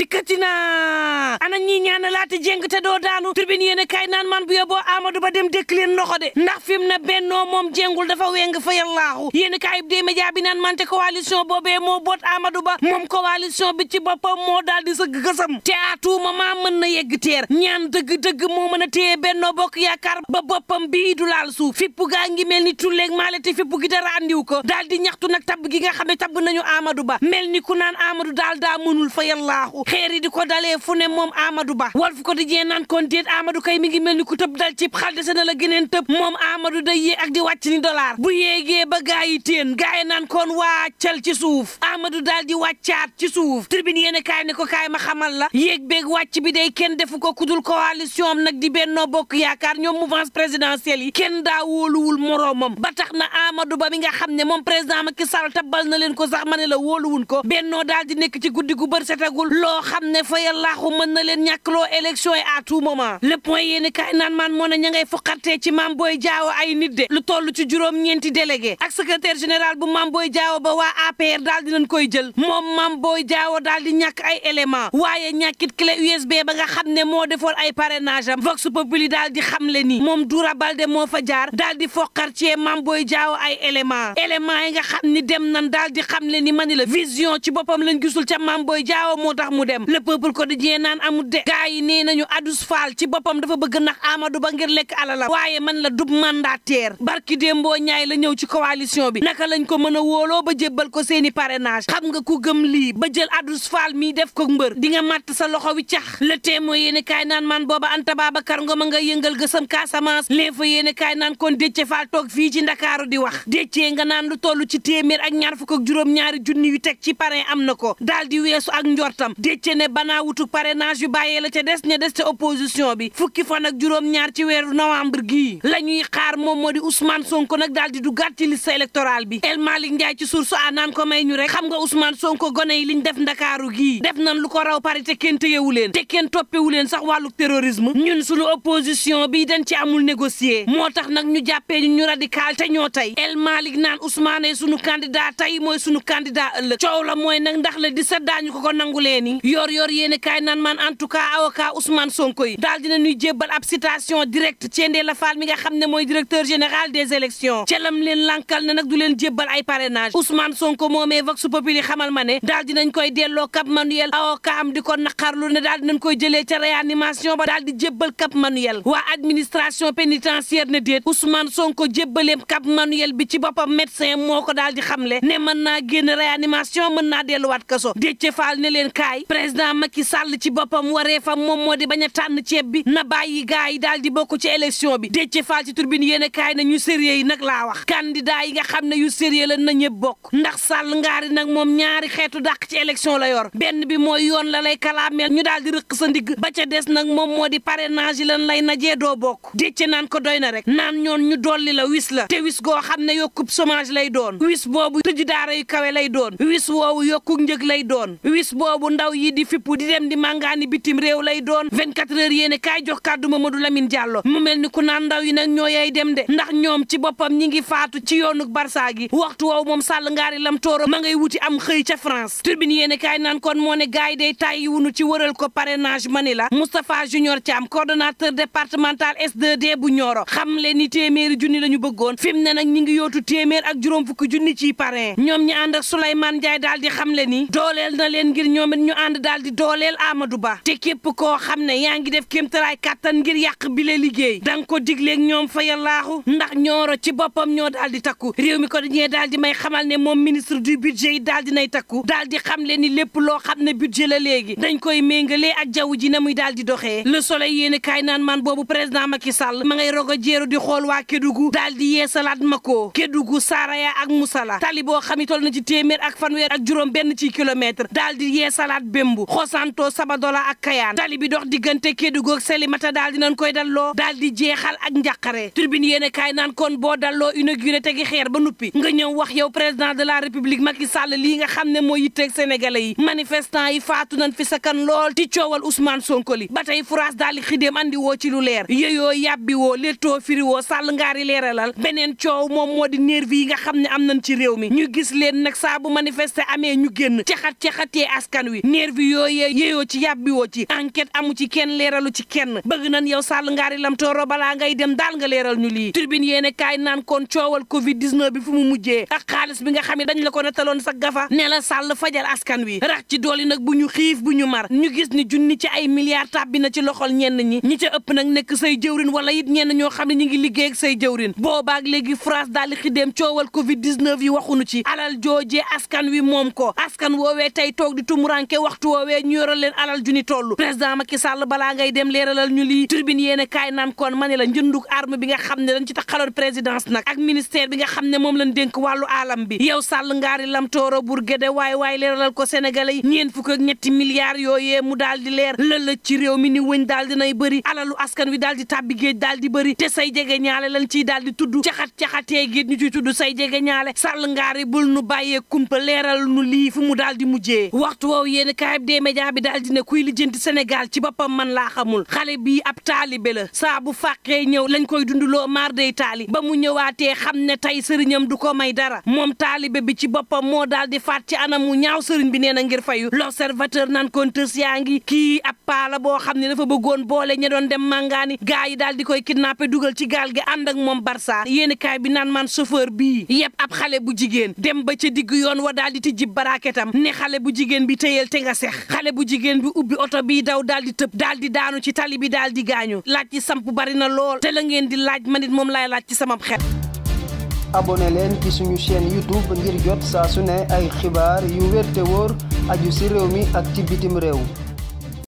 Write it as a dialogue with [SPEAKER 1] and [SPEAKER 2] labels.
[SPEAKER 1] dikkati na ana ñii ñaana laata jéng te doo daanu tribune yéen a kaay naan man bu yóbboo Amadou Ba dem dëkk leen loxo de ndax fi na ne bennoo moom jengul dafa weng fa yallaahu yéen a kaay bi dee média bi naan man te coalition boobee moo boot Amadou Ba moom coalition bi ci boppam moo daal di sëgg gësam te aatuma maa mën na yegg teer ñaan dëgg-dëgg moo mën a téye bennoo bokk yaakaar ba boppam bii du laal suuf fippu gaa ngi mel ni tulleeg maale te fippu gi dara andiw ko daal di ñaxtu nag tabb gi nga xam ne tabb nañu Amadou Ba mel ni ku naan Amadou daal daa mënul fa yallaahu xeer yi di ko dalee fu ne moom Amadou Ba Walf Quotidien naan kon déet Amadou kay mi ngi mel ni ku tëb dal cib xal dese na la gëneen tëb moom Amadou day yéeg ak di wàcc ni dollar bu yéegee ba gaa yi téen gaa yi naan kon wàccal ci suuf Amadou daal di wàccaat ci suuf tribune yéen kaay ne ko kaay ma xamal la yéeg beeg wàcc bi day kenn defu ko kudul coalition am nag di bennoo bokk yaakaar ñoom mouvance présidentielle yi kenn daa wóoluwul moroomam ba tax na Amadou Ba mi nga xam ne moom président Macky Sall tabal na leen ko sax ma ne la wóoluwun ko bennoo daal di nekk ci guddi gu bër setagul loo yoo xam ne fa yàllaaxu mën na leen ñàkkloo élection yi à tout moment le point yéeni kaay naan maan moo ne ña ngay ci Mame Boye ay nit de lu toll ci juróom-ñeenti délégué ak secrétaire général bu Mame Boye Diao ba waa APR daal di leen koy jël moom Mame Boye Diao daal di ñàkk ay élément waaye ñàkkit clé USB ba nga xam ne moo defoon ay parrainage am Vox Populi daal di xam le ni moom Doura Baldé moo fa jaar daal di foqartee Mame Boye Diao ay élément élément yi nga xam ni dem nan daal di xam le ni mani la vision ci boppam lañ gisul ca Mame Boye mu dem le peuple quotidien naan amul de gars yi nee nañu Adus Fall ci boppam dafa bëgg nax Amadou Ba ngir lekk alala waaye man la dub mandataire barki démboo ñaay la ñëw ci coalition bi naka lañ ko mën a wóoloo ba jébbal ko seeni parrainage xam nga ku gëm lii ba jël Adus Fall mii def ko mbër di nga màtt sa loxo wi cax la témoin yéene kaay naan man booba Anta Babacar Ngom a nga yëngal gësam Casamance lee a yéene kaay naan kon Déthié Fall toog fii ci Ndakaaru di wax Déthié nga naan lu toll ci téeméer ak ñaar fukk ak juróom ñaari junni yu décce ne banaa wutu parrainage yu bàyyee la ca des ña des ca opposition bi fukki fan ak juróom-ñaar ci weeru novembre gii la ñuy xaar moom moo di Ousmane Sonko nag daal du duggaat ci liste électorale bi El Malick Ndiaye ci source a naan ko may ñu rek xam nga Ousmane Sonko gone yi liñ def ndakaaru gii def nan lu ko raw pare te kenn tëyewu leen te kenn toppewu leen sax wàllu terrorisme ñun suñu opposition bi dañ ci amul négocier moo tax nag ñu jàppee ñu ñu radical te ñoo tey El Malick naan Ousmane sunu candidat tey mooy sunu candidat ëllëg coow la mooy nag ndax la di set ko ko nangulee ni yor yor yéen kaay nan man en tout cas avocat Ousmane Sonko yi daal dina ñuy jébbal ab citation directe Thiendella la Fall mi nga xam ne mooy directeur général des élections celam leen lankal ne nag du leen jébbal ay parrainage Ousmane Sonko moomee Vox Populi xamal ma ne daal dinañ koy delloo Cap Manuel avocat am di kon ko naqarlu ne daal dinañ koy jëlee ca réanimation ba daal di jébbal Cap Manuel waa administration pénitentiaire ne déet Ousmane Sonko jébbaleem Cap Manuel bi ci boppam médecin moo ko daal di xamle ne mën naa génn réanimation mën naa delluwaat kaso Déthié ne leen kaay président Macky Sall ci boppam waree fa moom moo di bañ a tànn ceeb bi na bàyyi gaay yi daal di bokk ci élection bi Déthié Fall ci turbine yéen a kaay na ñu sérieux yi nag laa wax candidat yi nga xam ne yu sérieux lan na ñëpp bokk ndax Sall ngaari nag moom ñaari xeetu dàq ci élection la yor benn bi mooy yoon la lay kalaameel ñu daal di rëq sa ndigg ba ca des nag moom moo di parrainage yi lan lay najee doo bokk Déthié nan ko doy na rek naan ñoon ñu dolli la wis la te wis goo xam ne yokkub chômage lay doon wis boobu tëju daara yu kawe lay doon wis woowu yokkub njëg lay doon yi di fippu di dem di màngaani bitim réew lay doon 24 heures yéene kaay jox kàddu Mamadou Lamine Diallo mu mel ni ku naan ndaw yi nag ñoo yay dem de ndax ñoom ci boppam ñi ngi faatu ci yoonu barsa gi waxtu woowu moom sàll ngaari lam tooro ma ngay wuti am xëy ca France turbine yéene kaay naan kon moo ne gaay day tàyyi wunu ci wëral ko parrainage mani la Moustapha Junior Thiam coordonnateur départemental S2D bu Nioro xam le ni téeméeri junni la ñu bëggoon fi mu ne nag ñi ngi yootu téeméer ak juróom fukki junni ci parrain ñoom ñi ànd ak Souleymane Ndiaye daal di xam le ni dooleel ànd daal di dooleel Amadou Ba te képp koo xam ne yaa ngi def kéemtalaay kattan ngir yàq bi la liggéey da nga ko digleeg ñoom fa yallaahu ndax ñooro ci boppam ñoo daal di takku réew mi ko dañee daal di may xamal ne moom ministre du budget yi daal di nay takku daal di xam le ni lépp loo xam ne budget la léegi dañ koy méngalee ak jaww ji na muy daal di doxee le soleil yéen kaay naan man boobu président Macky Sall ma ngay rogo jéeru di xool waa Kédougou daal di yeesalaat Mako Kédougou Saraya ak Moussala tali boo xam ne na ci téeméer ak fanweer ak juróom benn ci kilomètre Bembu xosanto Sabadola ak Kayaan tali bi dox diggante Kédougou ak Salémata daal dinañ koy dalloo daal di jeexal ak njàqare tribune yéen kaay naan kon boo dalloo inauguré tegi xeer ba nuppi nga ñëw wax yow président de la république Macky Sall lii nga xam ne moo yitteeg sénégalais yi manifestant yi faatu nañ fi sakan lool ci coowal Ousmane Sonko li ba tey France daal di xidéem andi woo ci lu leer yeyoo yàbbi woo léttoo firi woo sàll ngaari leeralal beneen coow moom moo di nervi yi nga xam ne am nañ ci réew mi ñu gis leen nag saa bu manifester amee ñu génn caxat caxatee askan wi interview yooyee yéeyoo ci yàbbiwoo ci enquête amu ci kenn leeralu ci kenn bëgg nan yow Sall ngaari lam tooro balaa ngay dem daal nga leeral ñu lii turbine yéene kaay naan kon coowal covid 19 bi fu mu mujjee xaalis bi nga xam ne dañ la ko nettaloon sa gafa ne la Sall fajal askan wi rax ci dooli nag bu ñu xiif bu ñu mar ñu gis ni junni ci ay milliards tàbbi na ci loxol ñenn ñi ñi ca ëpp nag nekk say jëwrin wala it ñenn ñoo xam ne ñu ngi liggéey ak say jëwrin boobaak léegi France daal di xiddeem coowal covid 19 yi waxunu ci alal joojee askan wi moom ko askan woowee tey toog waxtu woowee ñu yoral leen alal ju ni président Macky Sall balaa ngay dem leeralal ñu lii turbine yéen a kaay naan kon ma ne la njëndug arm bi nga xam ne dañ ci taxaloon président nag ak ministère bi nga xam ne moom lañ dénk wàllu alam bi yow Sall ngaari lam tooro bur waaye waay waay leeralal ko sénégalais yi ñeen fukk ak ñetti milliards yooyee mu daal di leer lëlëj ci réew mi ni wëñ daal nay bëri alalu askan wi daal di tàbbi géej daal di bëri te say jege ñaale lañ ciy daal di tudd caxat-caxatee géej ñu ci tudd say jege ñaale Sall ngaari bul nu bàyyee kumpa leeral nu lii fu mu daal di mujjee waxtu woow yéen kaayib dee média bi daal kuy lijjanti Sénégal ci boppam man laa xamul xale bii ab taalibe la saa bu fàqee ñëw lañ koy dunduloo maar day taali ba mu ñëwaatee xam ne tey sëriñam du ko may dara moom taalibe bi ci boppam moo daal di faat ci anamu ñaaw sëriñ bi nee na ngir fayu l'observateur nan kontes yaa ngi kii ab paala boo xam ne dafa bëggoon boole ña doon dem màngaani gaa yi daal di koy kidnappé dugal ci gaal gi ànd ak moom Barça yéen kaay bi naan man chauffeur bii yëpp ab xale bu jigéen dem ba ca digg yoon wa daal di tijji baraaketam ne xale bu jigéen bi téyel nga xale bu jigéen bi ubbi oto bi daw daal di tëb daal di daanu ci tali bi daal di gaañu laaj ci samp bari na lool te la ngeen di laaj man it moom lay laaj ci sama xel. abonné leen ci suñu chaîne YouTube ngir jot saa su ne ay xibaar yu wér te wóor aju ci réew mi ak ci bitim réew.